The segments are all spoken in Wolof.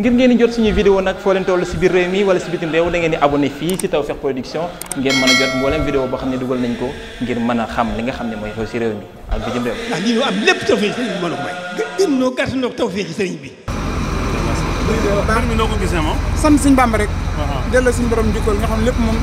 ngir ngeen di jot suñu vidéo nag foo toll si biir réew mi wala si bitim réew da ngeen di abonné fii si Tawfekh Production ngeen mën a jot mboolem vidéo boo xam ne dugal nañ ko ngir mën a xam li nga xam ne mooy xew si réew mi ak bitim réew. lépp tawfeex sëriñ bi a may. gën noo gàtt noo tawfeex xam lépp moom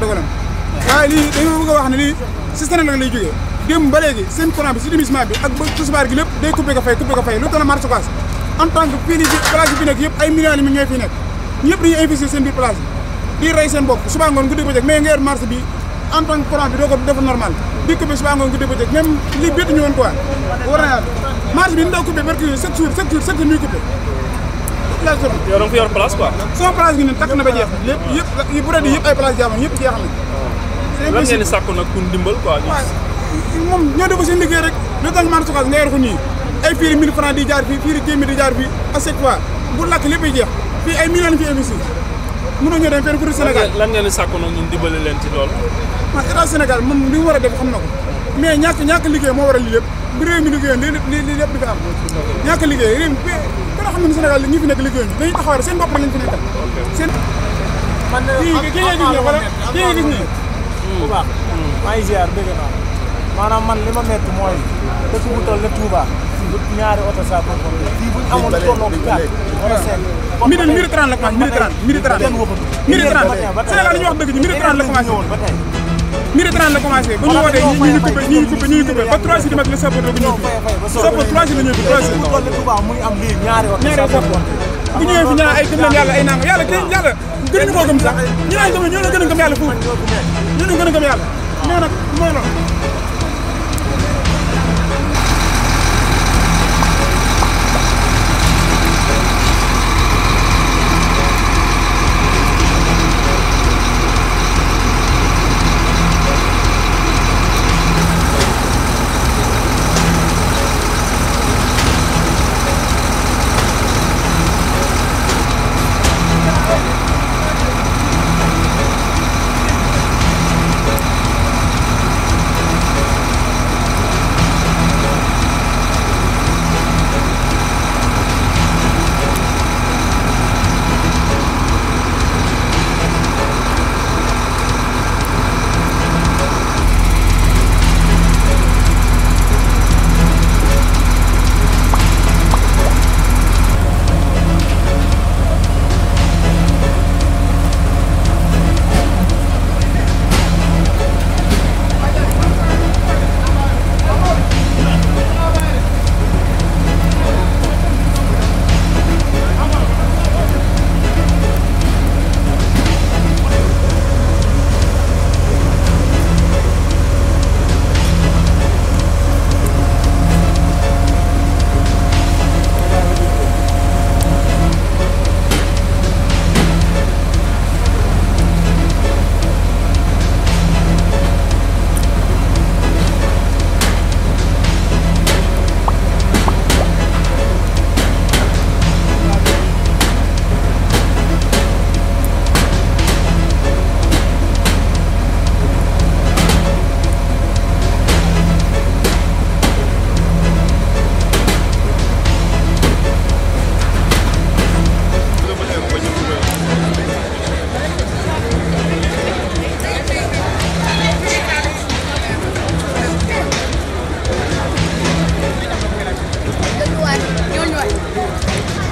dogalam. waaye lii dañoo bëgg a wax ne lii si Sénégal lay jógee démb ba léegi seen courant bi si dimissement bi ak ba tisbaar gi lépp day coupé ko fay coupé ko fay lu toll marché en tant que fii nii ci place bi fi nekk yëpp ay millions yi mi ñooy fi nekk seen biir place bi di rey seen bopp suba ngoon guddi bëccëg mais nga bi en tant que courant bi doo ko def normal di coupé suba ngoon guddi bëccëg li bettu ñu woon quoi war na yàlla bi ni daa coupé barki chaque jour chaque jour chaque jour ñuy coupé la journée yow da nga fi yor gi ne takk na ba jeex lépp yëpp yu bëri yëpp ay place jaamoon yëpp jeex na lan ay fiiri 1000 francs di jaar fii fiiri 10 di jaar fii à chaque fois bu lakk léppay jeex fii ay millions fi investi mënoo ñëw dem fenn ku dul Sénégal lan ngeen di leen ci loolu waaw état Sénégal moom li mu war a def xam na ko mais ñàkk ñàkk liggéey moo war a li lépp bu réew mi liggéeyoon li li lépp di fi am ñàkk liggéey réew mi fi nekk liggéey ñu dañuy taxawal seen bopp wala kii ngay gis nii maanaam man li ma metti mooy dëkk bu toll ne ñaari oto saa ko ko fii bu ñu amoon tolloog quatre wala cinq midi midi la commencé midi trente midi trente midi trente Sénégal dañuy wax dëgg ji midi trente la commencé woon ba tey midi trente la commencé ba ñu wootee ñi ñu coupé ñi ñu ñu coupé ba trois heures du la sapeur bi ñëw sapeur trois la ñëw trois heures toll Touba muy am lii ñaari oto ñaari oto bu ñëwee fi ñu naan gëm ñoo la gën a la gën a gëm yàlla 来，给我软。